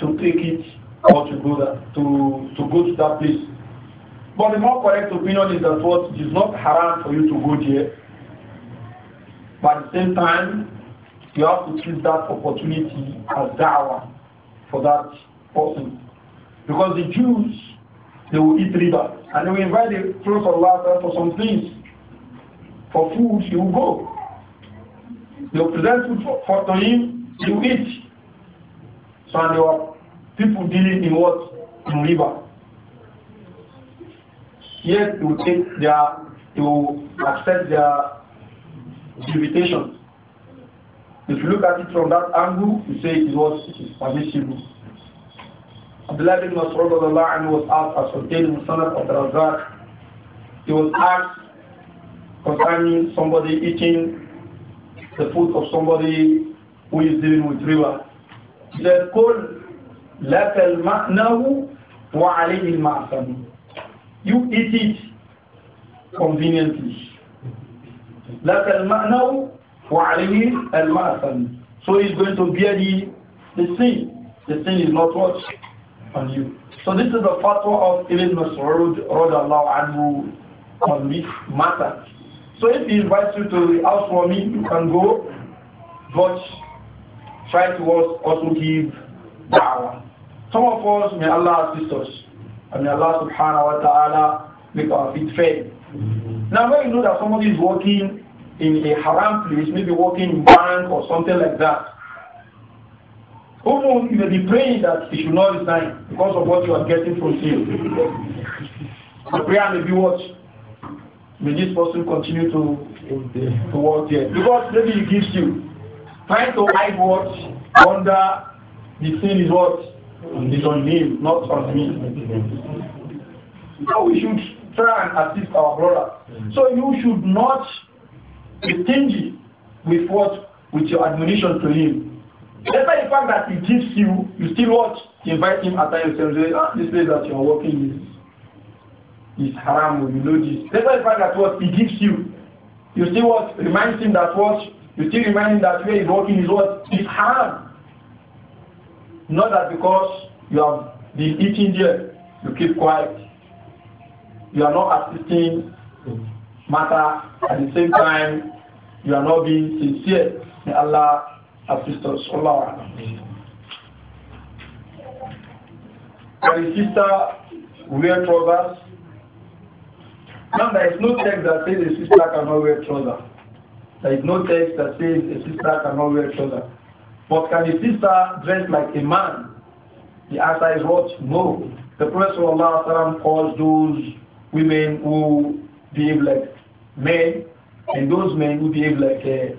to take it or to go that to, to go to that place. But the more correct opinion is that what it is not haram for you to go there. But at the same time, you have to treat that opportunity as da'wah for that person. Because the Jews they will eat riba. And they will invite the Prophet Allah for some things. For food, he will go. They will present food for, for to him, he will eat. So and there were people dealing in what? In riba. Yet they will take their, to accept their invitation. If you look at it from that angle, you say it was permissible. Abdullah bin Masrud was asked as contained in the Sunnah of the Razak. He was asked concerning somebody eating the food of somebody who is dealing with river. He said, Qul la talma'nahu wa alayhi al You eat it conveniently. La talma'nahu wa alayhi al So he's going to bear the, the sin. The sin is not what? on you. So this is the fatwa of Ibn Mas'ud anhu on this matter. So if he invites you to the me, you can go, but try to also give da'wah. Some of us, may Allah assist us. And may Allah subhanahu wa ta'ala make our feet fair. Now when you know that somebody is working in a haram place, maybe working in bank or something like that, who you may be praying that he should not resign because of what you are getting from him. The prayer may be what? May this person continue to, to work here. Because maybe he gives you. Trying to hide what wonder, the sin is what? Is on him, not on me. So we should try and assist our brother. So you should not be stingy with what? With your admonition to him. Despite the fact that he gives you, you still watch, invite him at you and say, ah, this place that you are working is, is haram, you know this. Despite the fact that what he gives you, you still what reminds him that what you still remind him that where he's working is what is haram. Not that because you have been eating there, you keep quiet. You are not assisting matter at the same time you are not being sincere. May Allah our sisters. Allah. There is sister wear trousers. Now there is no text that says a sister cannot wear trousers. There is no text that says a sister cannot wear trousers. But can a sister dress like a man? The answer is what? No. The Prophet Allah calls those women who behave like men and those men who behave like uh,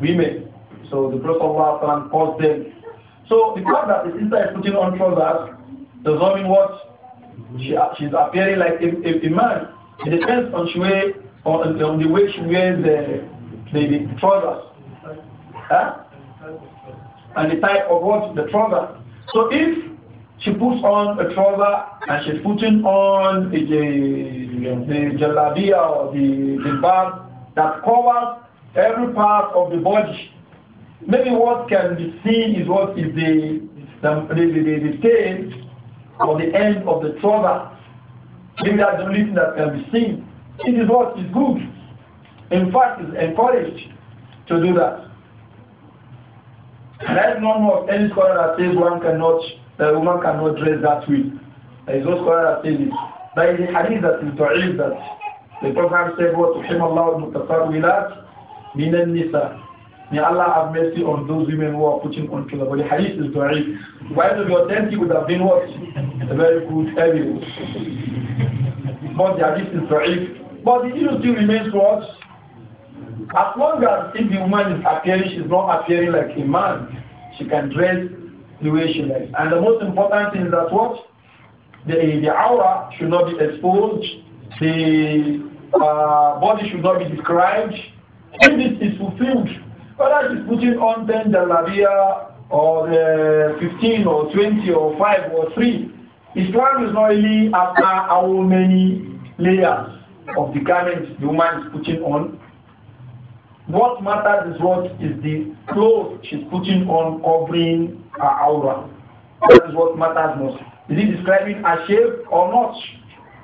women. So the Prophet Allah caused them. So the fact that the sister is putting on trousers does not mean what? She, she's appearing like a, a, a man. It depends on, she wear, on, on the way she wears the, the, trousers. Huh? And the type of what? The trouser. So if she puts on a trouser and she's putting on the, the jalabia or the, the bag that covers every part of the body. Maybe what can be seen is what is the, the, the, the, the tail or the end of the trouser. Maybe that's the only thing that can be seen. It is what is good. In fact, it's encouraged to do that. There is no do not of any scholar that says one cannot, a woman cannot dress that way. There is no scholar that says it. There is a hadith that is that the Prophet said, what to him Allah al-mutasarwilat minan nisa. May Allah have mercy on those women who are putting on killer. But the hadith is very Why the authentic would have been what? A very good evidence. But the hadith is very. But the issue still remains us. As long as if the woman is appearing, she's not appearing like a man. She can dress the way she likes. And the most important thing is that what? The, the aura should not be exposed. The uh, body should not be described. If this is fulfilled, whether she's putting on 10 jalabiya or uh, 15 or 20 or 5 or 3, Islam is not really after how many layers of the garments the woman is putting on. What matters is what is the clothes she's putting on covering her aura. That is what matters most. Is it describing a shape or not?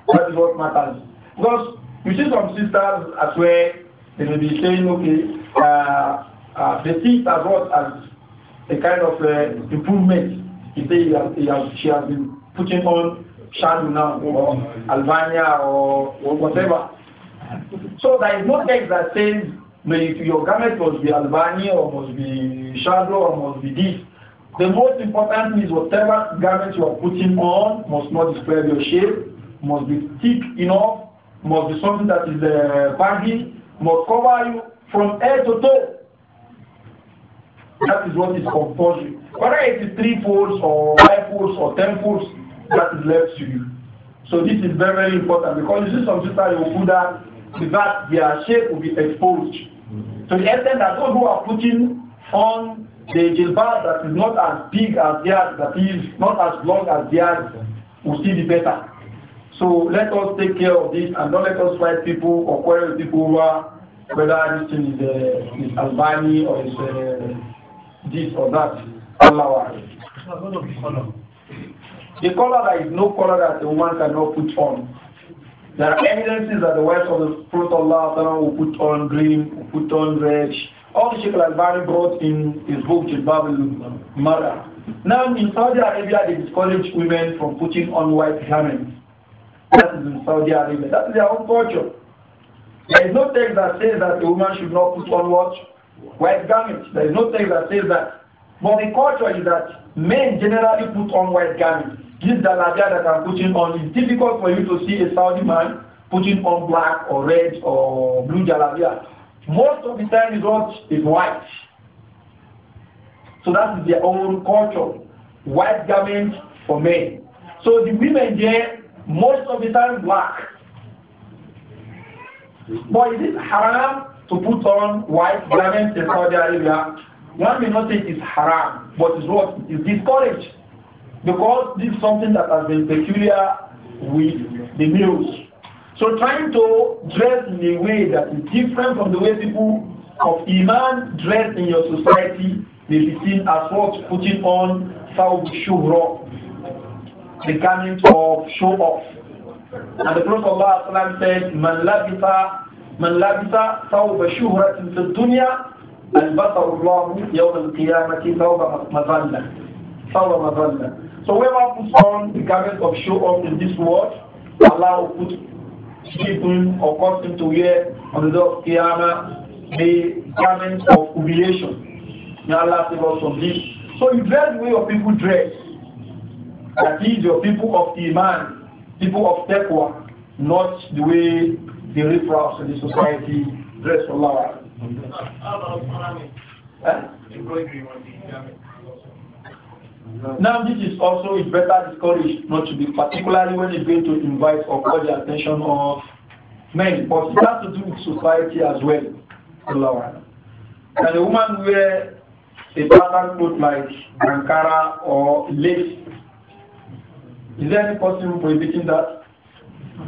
That is what matters. Because you see some sisters as well, they will be saying, okay, uh, uh, they see it as what as a kind of uh, improvement. He say he has, he has, she has been putting on shadow now, or Albania, or, or whatever. So there is no text that says your garment must be Albania, or must be shadow, or must be this. The most important thing is whatever garment you are putting on must not display your shape, must be thick enough, must be something that is uh, baggy, must cover you from head to toe. That is what is composing. Whether it is three folds or five folds or ten folds, that is left to you. So this is very, very important because you see some sisters will put that that their shape will be exposed. So the extent that those who are putting on the jilbab that is not as big as theirs, that is not as long as theirs, will still be better. So let us take care of this and don't let us fight people or quarrel people over whether this thing is, uh, is Albani or is uh, this or that. Allah The color that is no color that a woman cannot put on. There are evidences that the wives of the Prophet Allah will put on green, will put on red. All the Sheikh Al-Albani brought in his book Jilbab al-Mara. Now in Saudi Arabia they discourage women from putting on white garments. That is in Saudi Arabia. That is their own culture. There is no text that says that a woman should not put on what? white garments. There is no text that says that. But the culture is that men generally put on white garments. This dalabia that I'm putting on is difficult for you to see a Saudi man putting on black or red or blue jalabia. Most of the time is white. So that is their own culture. White garments for men. So the women there, most of the time black. But is it haram to put on white garments in Saudi Arabia, one may not say it's haram, but it's what is discouraged. Because this is something that has been peculiar with the males. So trying to dress in a way that is different from the way people of Iman dress in your society may be seen as what putting on Saudi Shuhra, the garment of show off. And the Prophet said, Man من لبس ثوب شهرة في الدنيا ألبسه الله يوم القيامة ثوب مظلة ثوب مظلة So whoever puts on the garment of show off in this world, Allah will put people or cause him to wear on the day of Qiyamah the garment of humiliation. May Allah save us from this. So you dress the way your people dress. That is your people of Iman, people of Taqwa, not the way the riffraffs in the society dress for Allah. Now this is also is better discouraged not to be particularly when it's going to invite or call the attention of men, but it has to do with society as well. And Can a woman wear a pattern coat like Ankara or lace? Is there any possible prohibiting that?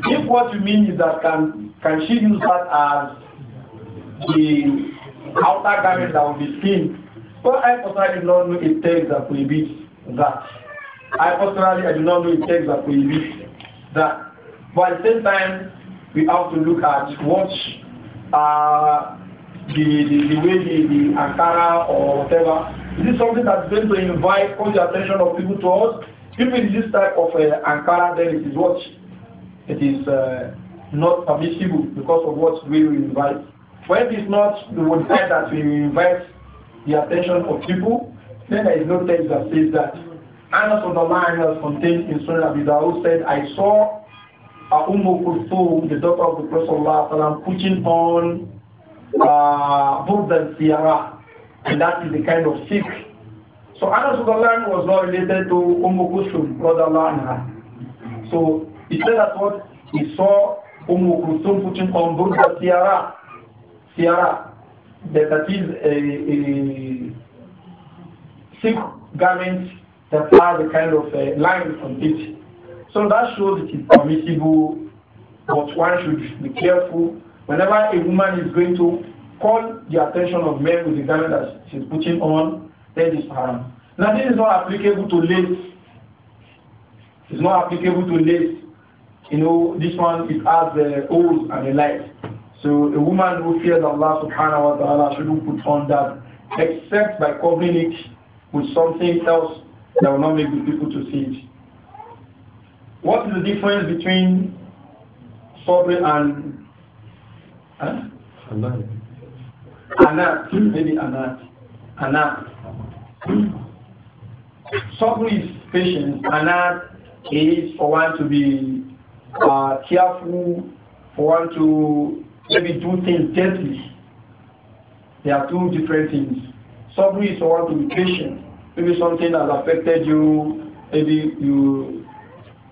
If what you mean is that can can she use that as the outer garment that will be Well, But I personally do not know it takes that prohibits that. I personally I do not know a text that prohibits that. But at the same time, we have to look at what uh, the, the, the way the, the Ankara or whatever. Is this something that's going to invite all the attention of people to us? If it is this type of uh, Ankara, then it is what? It is. Uh, not permissible because of what we invite. When it's not the word that we invite the attention of people, then there is no text that says that. Anas of the line has contained in al Abu Dawud said, I saw uh, Ummu Kulthum, the daughter of the Prophet putting on uh, Burdan Siyara, and that is the kind of sick. So Anas of the line was not related to Ummu Kulthum, brother Lana. So he said that what he saw Umm Kulthum putting on burqa tiara, tiara that is a, a eh, eh, silk garment that has a kind of a eh, line on it. So that shows it is permissible, but one should be careful. Whenever a woman is going to call the attention of men with the garment that she's putting on, then it's haram. Now this is not applicable to lace. It's not applicable to lace you know, this one it has the holes and the light. So a woman who fears Allah subhanahu wa ta'ala shouldn't put on that except by covering it with something else that will not make the people to see it. What is the difference between sabr and huh? anat? Anat, maybe anat. Anat. Sabr is patience. Anat is for one to be uh, careful for one to maybe do things gently. There are two different things. Some is for one to be patient. Maybe something has affected you, maybe you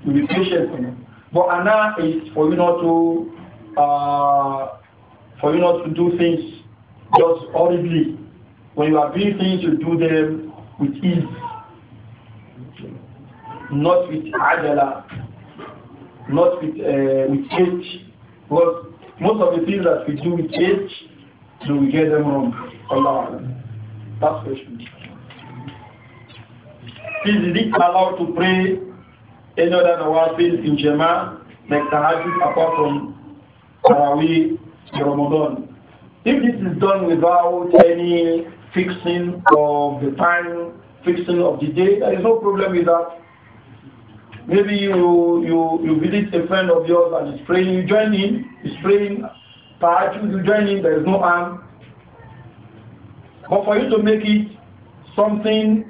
you be patient for But ana is for you not to uh, for you not to do things just horribly. When you are doing things, you do them with ease, not with ajala not with, uh, with age. Because most of the things that we do with age, we get them wrong. Allah. That's question. Please, is it allowed to pray any other nawafil in Jama, like Tahajjud, apart from Taraweeh, Ramadan? If this is done without any fixing of the time, fixing of the day, there is no problem with that. Maybe you, you, you visit a friend of yours and he's praying, you join him, he's praying, perhaps you join him, there is no harm. But for you to make it something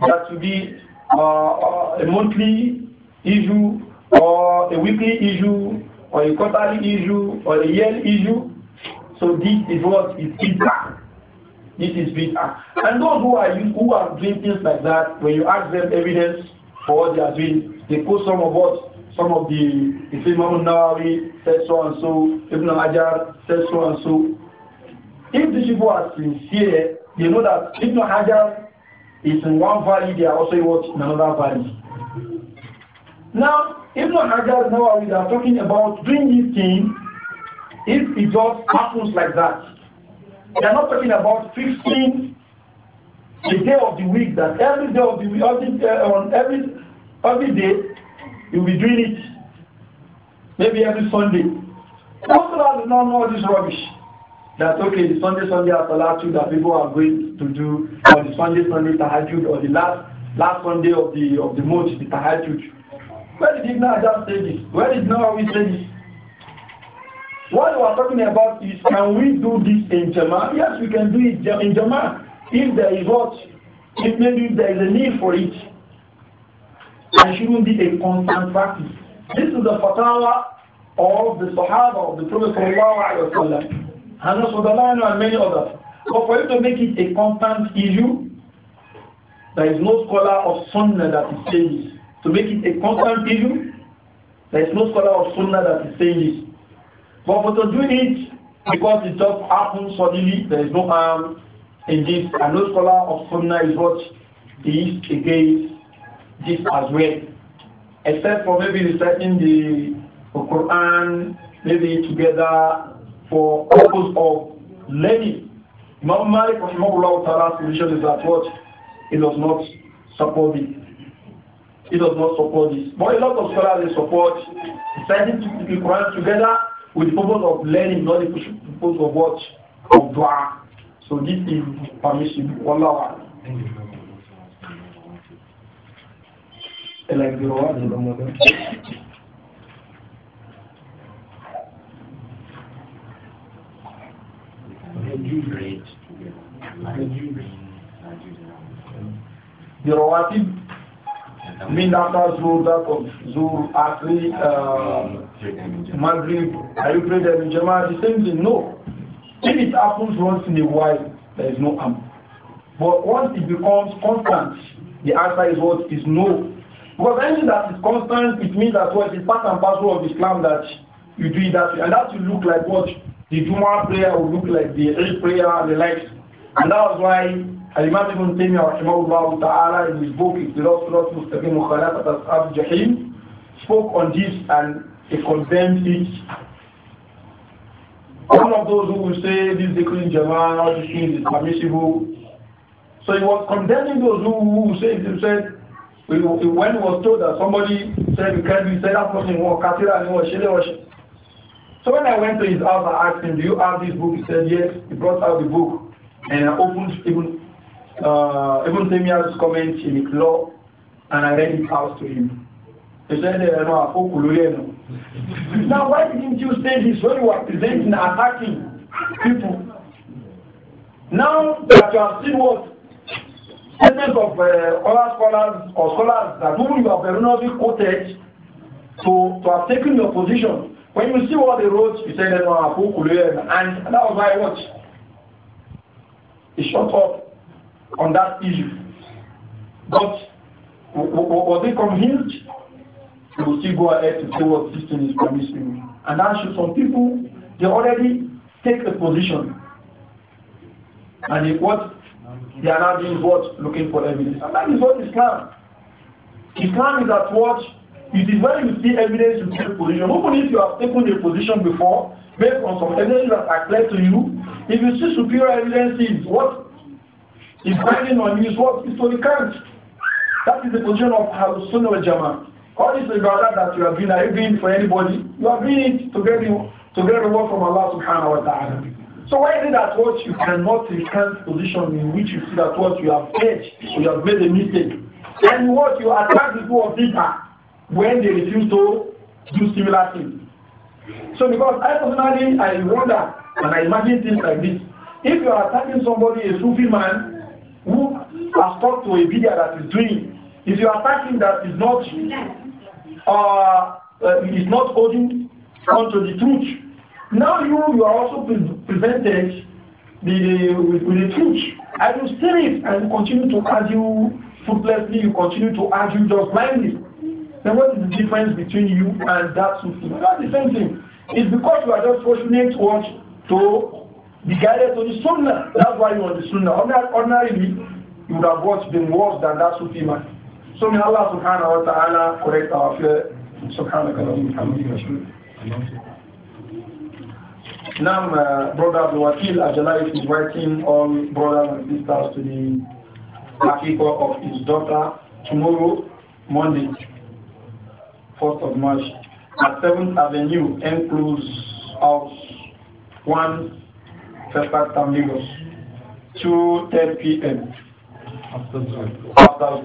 that will be uh, uh, a monthly issue or a weekly issue or a quarterly issue or a yearly issue, so this is what is bid'ah. This is bid'ah. And those who are who are doing things like that, when you ask them evidence, for what they are doing. They put some of what some of the Imam Nawawi said so and so, Ibn Hajar said so and so. If these people are sincere, they know that Ibn Hajar is in one valley, they are also in another valley. Now, Ibn Hajar Nawawi they are talking about doing this thing if it just happens like that. They are not talking about fixing the day of the week that every day of the week, uh, on every, every day, you'll be doing it. Maybe every Sunday. Most of us know all this rubbish. That okay, the Sunday, Sunday after last week that people are going to do, or the Sunday, Sunday tahajjud, or the last last Sunday of the of the month, the tahajjud. Where did Ibn Adam say this? Where did we say this? What we are talking about is can we do this in Jama? Yes, we can do it in Jama if there is what, if maybe there is a need for it, and shouldn't be a constant practice. This is the fatwa of the Sahaba of the Prophet and Alaihi Wasallam, and and many others. But for you to make it a constant issue, there is no scholar of Sunnah that is saying this. To make it a constant issue, there is no scholar of Sunnah that is saying this. But for to do it because it just happens suddenly, there is no harm Indeed, and no scholar of Sunnah is what is against this as well. Except for maybe reciting the Quran, maybe together for purpose of learning. Imam Malik Ta'ala's position is that what it does not support it. It does not support this. But a lot of scholars they support reciting the Quran together with the purpose of learning, not the purpose of what? Of dua. So this is permission. Wallah. Like the one. The mother. The rawatib mean after Zuhr, that of Zuhr, Asri, uh, Maghrib, are you praying in Jama'ah? The same thing, no. If it happens once in a while, there is no harm. But once it becomes constant, the answer is what is no. Because anything that is constant, it means that what is part and parcel of Islam that you do it that way. And that will look like what the Juma prayer will look like, the Eid prayer and the likes. And that was why Al-Imam Ibn Taymiyyah rahimahullah ta'ala in his book, lost, Surat Mustaqim Mukhalafat Ashab Jahim, spoke on this and he condemned it one of those who will say this decree in Jamal, this thing is permissible. So he was condemning those who, who say he said, when he was told that somebody said you can't he said that person was Katira and was Shele So when I went to his house, I asked him, Do you have this book? He said, Yes. He brought out the book and I opened even uh, even Samuel's comment in the law and I read it out to him. Now, why didn't you say this when you were presenting attacking people? Now that you have seen what statements of uh, other scholars or scholars that whom you have erroneously quoted to, to have taken your position, when you see what they wrote, you said, no, and that was my watch. He shut up on that issue. But was they convinced you will still go ahead to say what this thing is promising, And actually some people, they already take a position. And if what they are now doing what? Looking for evidence. And that is what Islam. Islam is at what? It is when you see evidence, you take a position. Even if you have taken a position before, based on some evidence that are clear to you, if you see superior evidence is what is binding on you is what to the That is the position of Ahlus Sunnah wal Jama'ah. All this ibadah that you have been, are you doing for anybody? You are doing it to get, you, to get reward from Allah subhanahu wa ta'ala. So why is it that what you cannot recant position in which you see that what you have edged, you have made a mistake, and what you attack people of bid'ah when they refuse to do similar things? So because I personally, I wonder and I imagine things like this. If you are attacking somebody, a Sufi man, who has talked to a bid'ah that is doing, if you are attacking that is not uh, uh, is not holding onto the truth. Now you, you are also pre- presented the, the, with, with, the truth. I will see it and continue to argue fruitlessly, you continue to argue just blindly. Then what is the difference between you and that Sufi? Not the same thing. It's because you are just fortunate what to be guided to the Sunnah. That's why you're on the Sunnah. Ordinarily, you would have watched been worse than that Sufi man. So may Allah subhanahu wa ta'ala correct our fear. Subhanaka wa ta'ala. Now, uh, Brother Abdul Ajalai is inviting all brothers and sisters to the Akiko of his daughter tomorrow, Monday, 1st of March, at 7th Avenue, M. Cruz House 1, Festa Tamigos, 2 10 p.m. After, after